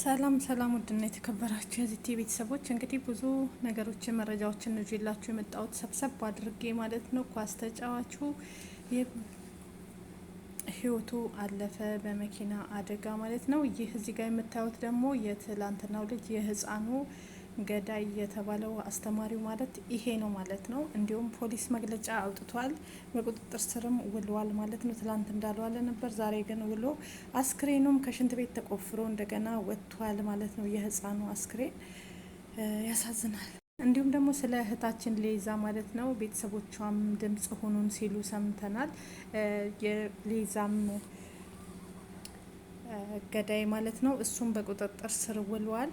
ሰላም ሰላም፣ ውድና የተከበራችሁ የዚህ ቤተሰቦች እንግዲህ ብዙ ነገሮችን መረጃዎችን ነው ይዤላችሁ የመጣሁት ሰብሰብ አድርጌ ማለት ነው። ኳስ ተጫዋቹ ህይወቱ አለፈ በመኪና አደጋ ማለት ነው። ይህ እዚህ ጋር የምታዩት ደግሞ የትላንትናው ልጅ የህፃኑ ገዳይ የተባለው አስተማሪው ማለት ይሄ ነው ማለት ነው። እንዲሁም ፖሊስ መግለጫ አውጥቷል። በቁጥጥር ስርም ውሏል ማለት ነው። ትላንት እንዳልዋለ ነበር፣ ዛሬ ግን ውሎ አስክሬኑም ከሽንት ቤት ተቆፍሮ እንደገና ወጥቷል ማለት ነው። የህፃኑ አስክሬን ያሳዝናል። እንዲሁም ደግሞ ስለ እህታችን ሌዛ ማለት ነው ቤተሰቦቿም ድምጽ ሆኑን ሲሉ ሰምተናል። የሌዛም ገዳይ ማለት ነው እሱም በቁጥጥር ስር ውሏል።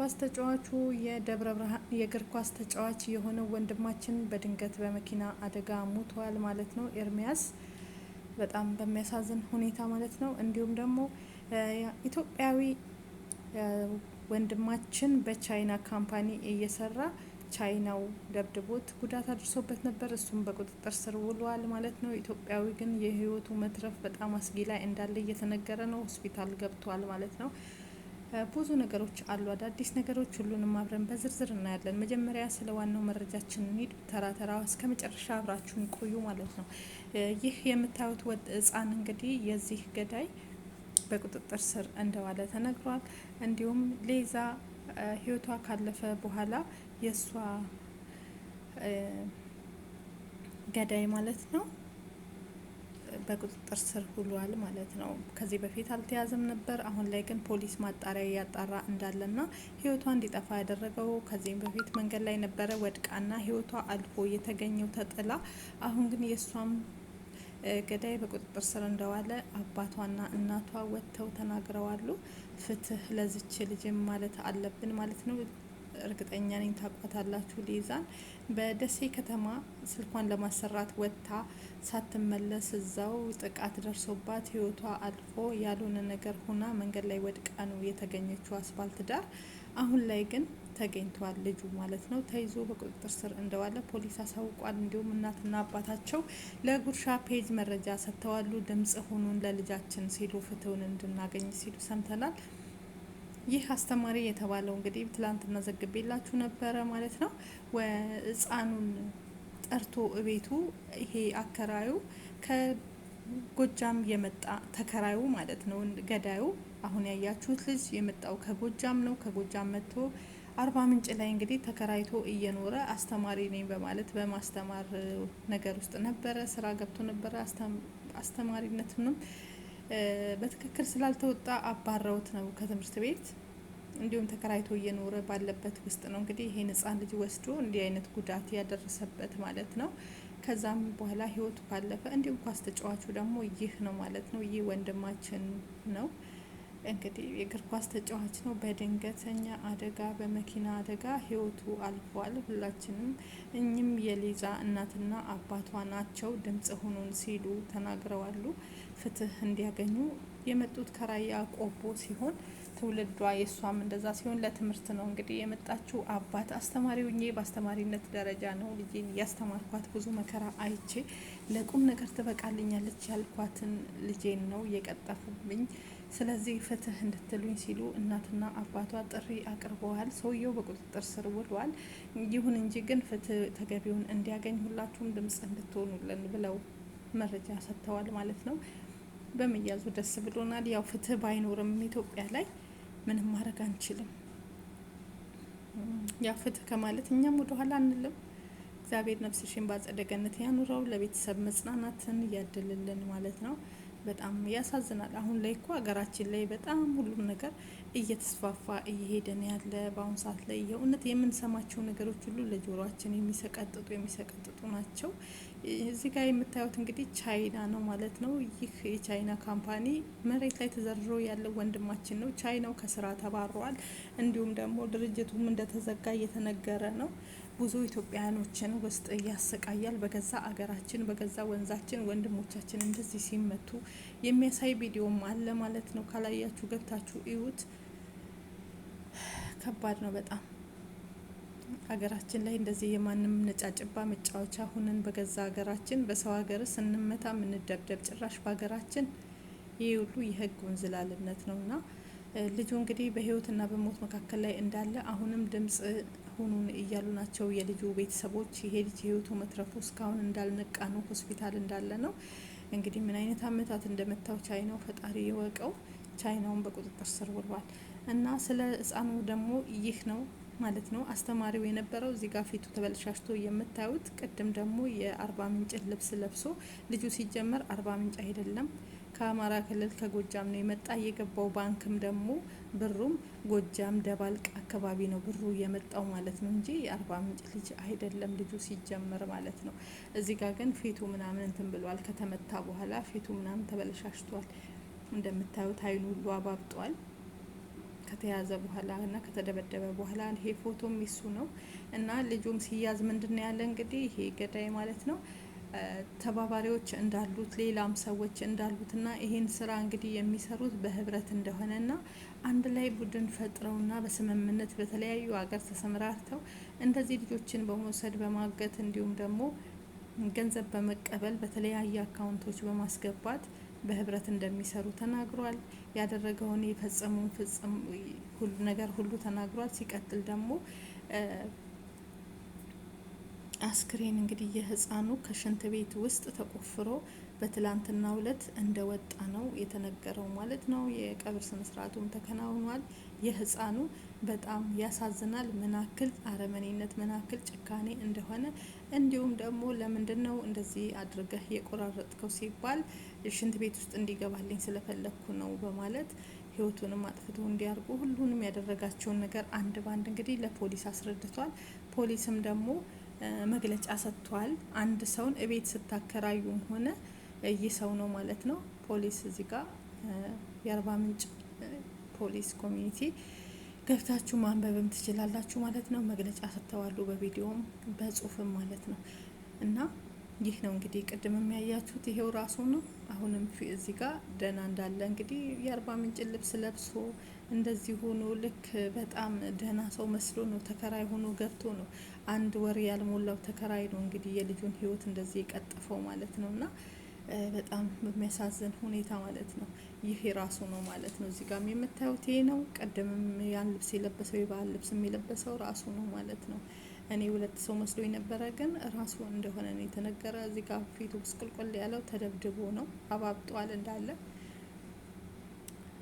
ኳስ ተጫዋቹ የደብረ ብርሃን የእግር ኳስ ተጫዋች የሆነው ወንድማችን በድንገት በመኪና አደጋ ሞቷል ማለት ነው። ኤርሚያስ በጣም በሚያሳዝን ሁኔታ ማለት ነው። እንዲሁም ደግሞ ኢትዮጵያዊ ወንድማችን በቻይና ካምፓኒ እየሰራ ቻይናው ደብድቦት ጉዳት አድርሶበት ነበር። እሱም በቁጥጥር ስር ውሏል ማለት ነው። ኢትዮጵያዊ ግን የህይወቱ መትረፍ በጣም አስጊ ላይ እንዳለ እየተነገረ ነው። ሆስፒታል ገብቷል ማለት ነው። ብዙ ነገሮች አሉ፣ አዳዲስ ነገሮች። ሁሉንም አብረን በዝርዝር እናያለን። መጀመሪያ ስለ ዋናው መረጃችን እንሂድ። ተራ ተራ እስከ መጨረሻ አብራችሁን ቆዩ ማለት ነው። ይህ የምታዩት ወጥ ህጻን እንግዲህ የዚህ ገዳይ በቁጥጥር ስር እንደዋለ ተነግሯል። እንዲሁም ሌዛ ህይወቷ ካለፈ በኋላ የእሷ ገዳይ ማለት ነው በቁጥጥር ስር ውሏል ማለት ነው። ከዚህ በፊት አልተያዘም ነበር። አሁን ላይ ግን ፖሊስ ማጣሪያ እያጣራ እንዳለና ህይወቷ እንዲጠፋ ያደረገው ከዚህም በፊት መንገድ ላይ ነበረ ወድቃና ህይወቷ አልፎ የተገኘው ተጥላ፣ አሁን ግን የእሷም ገዳይ በቁጥጥር ስር እንደዋለ አባቷና እናቷ ወጥተው ተናግረዋሉ። ፍትህ ለዝች ልጅም ማለት አለብን ማለት ነው። እርግጠኛ ነኝ ታቋታላችሁ ሊዛን በደሴ ከተማ ስልኳን ለማሰራት ወጥታ ሳትመለስ እዛው ጥቃት ደርሶባት ህይወቷ አልፎ ያልሆነ ነገር ሆና መንገድ ላይ ወድቃ ነው የተገኘችው አስፋልት ዳር። አሁን ላይ ግን ተገኝቷል ልጁ ማለት ነው። ተይዞ በቁጥጥር ስር እንደዋለ ፖሊስ አሳውቋል። እንዲሁም እናትና አባታቸው ለጉርሻ ፔጅ መረጃ ሰጥተዋሉ። ድምጽ ሁኑን ለልጃችን ሲሉ ፍትህን እንድናገኝ ሲሉ ሰምተናል። ይህ አስተማሪ የተባለው እንግዲህ ትላንትና ዘግቤላችሁ ነበረ ማለት ነው። ሕፃኑን ጠርቶ እቤቱ ይሄ አከራዩ ከጎጃም የመጣ ተከራዩ ማለት ነው ገዳዩ አሁን ያያችሁት ልጅ የመጣው ከጎጃም ነው። ከጎጃም መጥቶ አርባ ምንጭ ላይ እንግዲህ ተከራይቶ እየኖረ አስተማሪ ነኝ በማለት በማስተማር ነገር ውስጥ ነበረ። ስራ ገብቶ ነበረ አስተማሪነትንም በትክክል ስላልተወጣ አባረውት ነው ከትምህርት ቤት። እንዲሁም ተከራይቶ እየኖረ ባለበት ውስጥ ነው እንግዲህ ይሄ ህጻን ልጅ ወስዶ እንዲህ አይነት ጉዳት ያደረሰበት ማለት ነው። ከዛም በኋላ ህይወቱ ካለፈ፣ እንዲሁም ኳስ ተጫዋቹ ደግሞ ይህ ነው ማለት ነው። ይህ ወንድማችን ነው እንግዲህ የእግር ኳስ ተጫዋች ነው። በድንገተኛ አደጋ በመኪና አደጋ ህይወቱ አልፏል። ሁላችንም እኚህም የሊዛ እናትና አባቷ ናቸው ድምጽ ሁኑን ሲሉ ተናግረዋሉ። ፍትህ እንዲያገኙ የመጡት ከራያ ቆቦ ሲሆን ትውልዷ የእሷም እንደዛ ሲሆን ለትምህርት ነው እንግዲህ የመጣችው። አባት አስተማሪ ሁኜ በአስተማሪነት ደረጃ ነው ልጄን እያስተማርኳት ብዙ መከራ አይቼ ለቁም ነገር ትበቃልኛለች ያልኳትን ልጄን ነው እየቀጠፉብኝ። ስለዚህ ፍትህ እንድትሉኝ ሲሉ እናትና አባቷ ጥሪ አቅርበዋል። ሰውየው በቁጥጥር ስር ውሏል። ይሁን እንጂ ግን ፍትህ ተገቢውን እንዲያገኝ ሁላችሁም ድምጽ እንድትሆኑልን ብለው መረጃ ሰጥተዋል ማለት ነው። በመያዙ ደስ ብሎናል። ያው ፍትህ ባይኖርም ኢትዮጵያ ላይ ምንም ማድረግ አንችልም። ያው ፍትህ ከማለት እኛም ወደኋላ አንልም። እግዚአብሔር ነፍስሽን በአጸደ ገነት ያኑረው፣ ለቤተሰብ መጽናናትን እያደልልን ማለት ነው። በጣም ያሳዝናል። አሁን ላይ እኮ ሀገራችን ላይ በጣም ሁሉም ነገር እየተስፋፋ እየሄደን ያለ። በአሁኑ ሰዓት ላይ የእውነት የምንሰማቸው ነገሮች ሁሉ ለጆሮችን የሚሰቀጥጡ የሚሰቀጥጡ ናቸው። እዚህ ጋር የምታዩት እንግዲህ ቻይና ነው ማለት ነው። ይህ የቻይና ካምፓኒ መሬት ላይ ተዘርሮ ያለው ወንድማችን ነው። ቻይናው ከስራ ተባሯል። እንዲሁም ደግሞ ድርጅቱም እንደተዘጋ እየተነገረ ነው። ብዙ ኢትዮጵያውያኖችን ውስጥ ያሰቃያል። በገዛ አገራችን በገዛ ወንዛችን ወንድሞቻችን እንደዚህ ሲመቱ የሚያሳይ ቪዲዮም አለ ማለት ነው። ካላያችሁ ገብታችሁ እዩት። ከባድ ነው በጣም አገራችን ላይ እንደዚህ የማንም ነጫጭባ መጫወቻ ሁነን በገዛ ሀገራችን በሰው ሀገር ስንመታ ምንደብደብ፣ ጭራሽ በሀገራችን ይህ ሁሉ የህግ ወንዝላልነት ነው እና ልጁ እንግዲህ በህይወትና በሞት መካከል ላይ እንዳለ አሁንም ድምጽ አሁኑን እያሉ ናቸው የልጁ ቤተሰቦች። ይሄ ልጅ ህይወቱ መትረፉ እስካሁን እንዳልነቃ ነው፣ ሆስፒታል እንዳለ ነው። እንግዲህ ምን አይነት አመታት እንደመታው ቻይናው ፈጣሪ የወቀው። ቻይናውን በቁጥጥር ስር ውሏል። እና ስለ ህፃኑ ደግሞ ይህ ነው ማለት ነው አስተማሪው የነበረው እዚህ ጋር ፊቱ ተበልሻሽቶ የምታዩት ቅድም ደግሞ የአርባ ምንጭን ልብስ ለብሶ ልጁ ሲጀመር አርባ ምንጭ አይደለም ከአማራ ክልል ከጎጃም ነው የመጣ የገባው ባንክም ደግሞ ብሩም ጎጃም ደባልቅ አካባቢ ነው ብሩ የመጣው ማለት ነው እንጂ የአርባ ምንጭ ልጅ አይደለም ልጁ ሲጀመር ማለት ነው። እዚህ ጋር ግን ፊቱ ምናምን እንትን ብሏል። ከተመታ በኋላ ፊቱ ምናምን ተበለሻሽቷል። እንደምታዩት አይኑ ሁሉ አባብጧል። ከተያዘ በኋላ እና ከተደበደበ በኋላ ይሄ ፎቶም ይሱ ነው እና ልጁም ሲያዝ ምንድን ነው ያለ እንግዲህ ይሄ ገዳይ ማለት ነው ተባባሪዎች እንዳሉት ሌላም ሰዎች እንዳሉትና ይሄን ስራ እንግዲህ የሚሰሩት በህብረት እንደሆነና አንድ ላይ ቡድን ፈጥረውና በስምምነት በተለያዩ ሀገር ተሰማርተው እንደዚህ ልጆችን በመውሰድ በማገት እንዲሁም ደግሞ ገንዘብ በመቀበል በተለያየ አካውንቶች በማስገባት በህብረት እንደሚሰሩ ተናግሯል። ያደረገውን የፈጸመውን ሁሉ ነገር ሁሉ ተናግሯል። ሲቀጥል ደግሞ አስክሬን እንግዲህ የህፃኑ ከሽንት ቤት ውስጥ ተቆፍሮ በትላንትና ዕለት እንደወጣ ነው የተነገረው ማለት ነው። የቀብር ስነስርዓቱም ተከናውኗል። የህፃኑ በጣም ያሳዝናል። ምናክል አረመኔነት ምናክል ጭካኔ እንደሆነ እንዲሁም ደግሞ ለምንድን ነው እንደዚህ አድርገህ የቆራረጥከው ሲባል ሽንት ቤት ውስጥ እንዲገባልኝ ስለፈለግኩ ነው በማለት ህይወቱንም አጥፍቶ እንዲያርጉ ሁሉንም ያደረጋቸውን ነገር አንድ ባንድ እንግዲህ ለፖሊስ አስረድቷል። ፖሊስም ደግሞ መግለጫ ሰጥቷል። አንድ ሰውን እቤት ስታከራዩም ሆነ ይህ ሰው ነው ማለት ነው። ፖሊስ እዚህ ጋር የአርባ ምንጭ ፖሊስ ኮሚኒቲ ገብታችሁ ማንበብም ትችላላችሁ ማለት ነው። መግለጫ ሰጥተዋሉ፣ በቪዲዮም በጽሁፍም ማለት ነው። እና ይህ ነው እንግዲህ ቅድም የሚያያችሁት ይሄው ራሱ ነው። አሁንም እዚህ ጋር ደህና እንዳለ እንግዲህ የአርባ ምንጭ ልብስ ለብሶ እንደዚህ ሆኖ ልክ በጣም ደህና ሰው መስሎ ነው ተከራይ ሆኖ ገብቶ ነው አንድ ወር ያልሞላው ተከራይ ነው እንግዲህ የልጁን ህይወት እንደዚህ የቀጠፈው ማለት ነው እና በጣም በሚያሳዝን ሁኔታ ማለት ነው። ይህ የራሱ ነው ማለት ነው። እዚህ ጋም የምታዩት ይሄ ነው። ቀደምም ያን ልብስ የለበሰው የባህል ልብስ የለበሰው ራሱ ነው ማለት ነው። እኔ ሁለት ሰው መስሎ የነበረ ግን ራሱ እንደሆነ ነው የተነገረ። እዚህ ጋር ፊቱ ብስቁልቁል ያለው ተደብድቦ ነው አባብጧል እንዳለ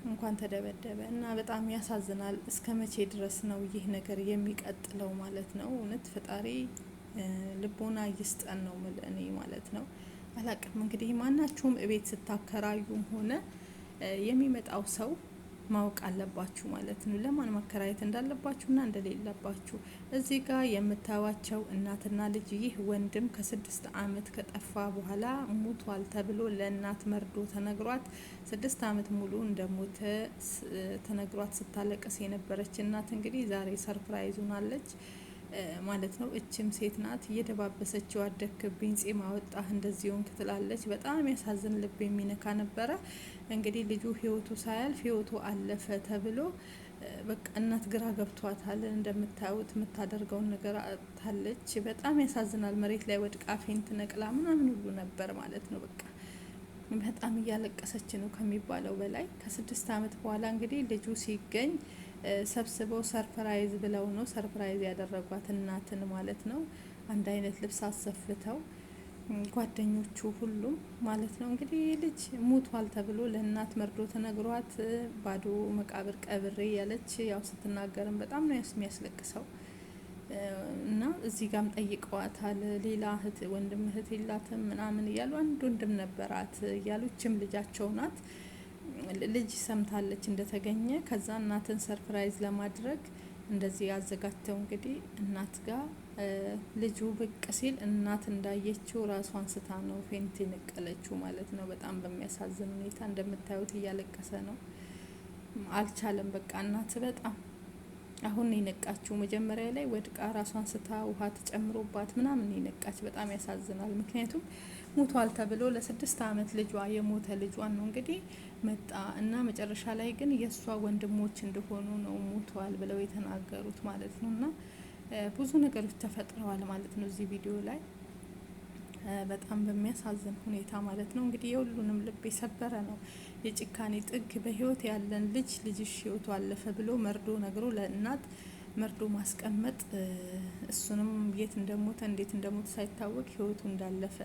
እንኳን ተደበደበ እና በጣም ያሳዝናል። እስከ መቼ ድረስ ነው ይህ ነገር የሚቀጥለው ማለት ነው? እውነት ፈጣሪ ልቦና ይስጠን ነው ምል እኔ ማለት ነው። አላቅም እንግዲህ ማናችሁም እቤት ስታከራዩም ሆነ የሚመጣው ሰው ማወቅ አለባችሁ ማለት ነው። ለማን ማከራየት እንዳለባችሁና እንደሌለባችሁ እዚህ ጋር የምታዩዋቸው እናትና ልጅ ይህ ወንድም ከስድስት አመት ከጠፋ በኋላ ሙቷል ተብሎ ለእናት መርዶ ተነግሯት ስድስት አመት ሙሉ እንደሞተ ተነግሯት ስታለቅስ የነበረች እናት እንግዲህ ዛሬ ሰርፕራይዙናለች። ማለት ነው። እችም ሴት ናት እየደባበሰችው አደክብኝ ጺም አወጣህ፣ እንደዚሁን ትላለች። በጣም ያሳዝን፣ ልብ የሚነካ ነበረ። እንግዲህ ልጁ ህይወቱ ሳያልፍ ህይወቱ አለፈ ተብሎ በቃ እናት ግራ ገብቷታል። እንደምታዩት የምታደርገውን ነገር አጥታለች። በጣም ያሳዝናል። መሬት ላይ ወድቃ ፌንት ነቅላ ምናምን ሁሉ ነበር ማለት ነው። በቃ በጣም እያለቀሰች ነው ከሚባለው በላይ። ከስድስት አመት በኋላ እንግዲህ ልጁ ሲገኝ ሰብስበው ሰርፕራይዝ ብለው ነው ሰርፕራይዝ ያደረጓት እናትን ማለት ነው። አንድ አይነት ልብስ አሰፍተው ጓደኞቹ ሁሉም ማለት ነው እንግዲህ ልጅ ሙቷል ተብሎ ለእናት መርዶ ተነግሯት ባዶ መቃብር ቀብሬ ያለች ያው ስትናገርም በጣም ነው የሚያስለቅሰው። እና እዚህ ጋም ጠይቀዋታል። ሌላ እህት ወንድም እህት የላትም ምናምን እያሉ አንድ ወንድም ነበራት እያሉ ልጃቸው ናት ልጅ ሰምታለች እንደተገኘ ከዛ እናትን ሰርፕራይዝ ለማድረግ እንደዚህ ያዘጋጀው እንግዲህ እናት ጋር ልጁ ብቅ ሲል እናት እንዳየችው ራሷን ስታ ነው ፌንት የነቀለችው ማለት ነው። በጣም በሚያሳዝን ሁኔታ እንደምታዩት እያለቀሰ ነው። አልቻለም። በቃ እናት በጣም አሁን የነቃችው መጀመሪያ ላይ ወድቃ ራሷን ስታ ውሃ ተጨምሮባት ምናምን የነቃች በጣም ያሳዝናል። ምክንያቱም ሙቷል ተብሎ ለስድስት አመት ልጇ የሞተ ልጇን ነው እንግዲህ መጣ እና መጨረሻ ላይ ግን የእሷ ወንድሞች እንደሆኑ ነው ሞቷል ብለው የተናገሩት ማለት ነው። እና ብዙ ነገሮች ተፈጥረዋል ማለት ነው እዚህ ቪዲዮ ላይ በጣም በሚያሳዝን ሁኔታ ማለት ነው። እንግዲህ የሁሉንም ልብ የሰበረ ነው የጭካኔ ጥግ። በህይወት ያለን ልጅ ልጅሽ ህይወቱ አለፈ ብሎ መርዶ ነግሮ ለእናት መርዶ ማስቀመጥ እሱንም የት እንደሞተ እንዴት እንደሞተ ሳይታወቅ ህይወቱ እንዳለፈ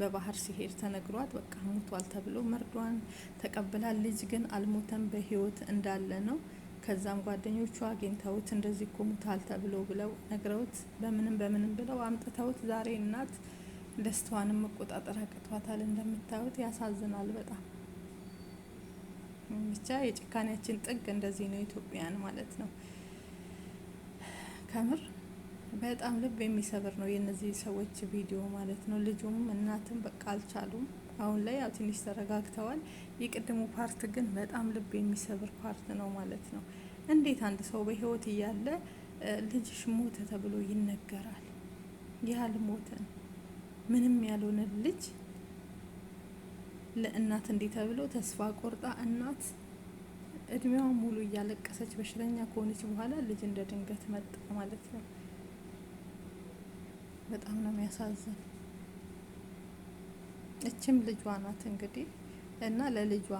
በባህር ሲሄድ ተነግሯት በቃ ሞቷል ተብሎ መርዷን ተቀብላል። ልጅ ግን አልሞተም በህይወት እንዳለ ነው። ከዛም ጓደኞቹ አግኝተውት እንደዚህ እኮ ተብሎ ብለው ነግረውት በምንም በምንም ብለው አምጥተውት ዛሬ እናት ደስታዋንም መቆጣጠር አቅቷታል። እንደምታዩት ያሳዝናል በጣም ብቻ የጭካኔያችን ጥግ እንደዚህ ነው ኢትዮጵያን ማለት ነው። ከምር በጣም ልብ የሚሰብር ነው የእነዚህ ሰዎች ቪዲዮ ማለት ነው። ልጁም እናትም በቃ አልቻሉም። አሁን ላይ ያው ትንሽ ተረጋግተዋል። የቅድሙ ፓርት ግን በጣም ልብ የሚሰብር ፓርት ነው ማለት ነው። እንዴት አንድ ሰው በህይወት እያለ ልጅሽ ሞተ ተብሎ ይነገራል? ያልሞተን ምንም ያልሆነ ልጅ ለእናት እንዲህ ተብሎ ተስፋ ቆርጣ እናት እድሜዋ ሙሉ እያለቀሰች በሽተኛ ከሆነች በኋላ ልጅ እንደ ድንገት መጣ ማለት ነው። በጣም ነው የሚያሳዝን። እችም ልጇ ናት እንግዲህ እና ለልጇ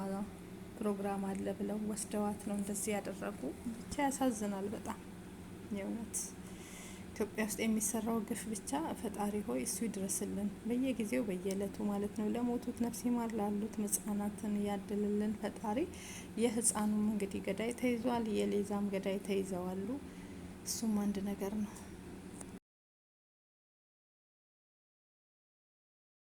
ፕሮግራም አለ ብለው ወስደዋት ነው እንደዚህ ያደረጉ። ብቻ ያሳዝናል በጣም የእውነት ኢትዮጵያ ውስጥ የሚሰራው ግፍ ብቻ ፈጣሪ ሆይ እሱ ይድረስልን፣ በየጊዜው በየእለቱ ማለት ነው። ለሞቱት ነፍስ ይማር ላሉት ሕጻናትን ያድልልን ፈጣሪ። የህፃኑም እንግዲህ ገዳይ ተይዟል፣ የሌዛም ገዳይ ተይዘዋሉ። እሱም አንድ ነገር ነው።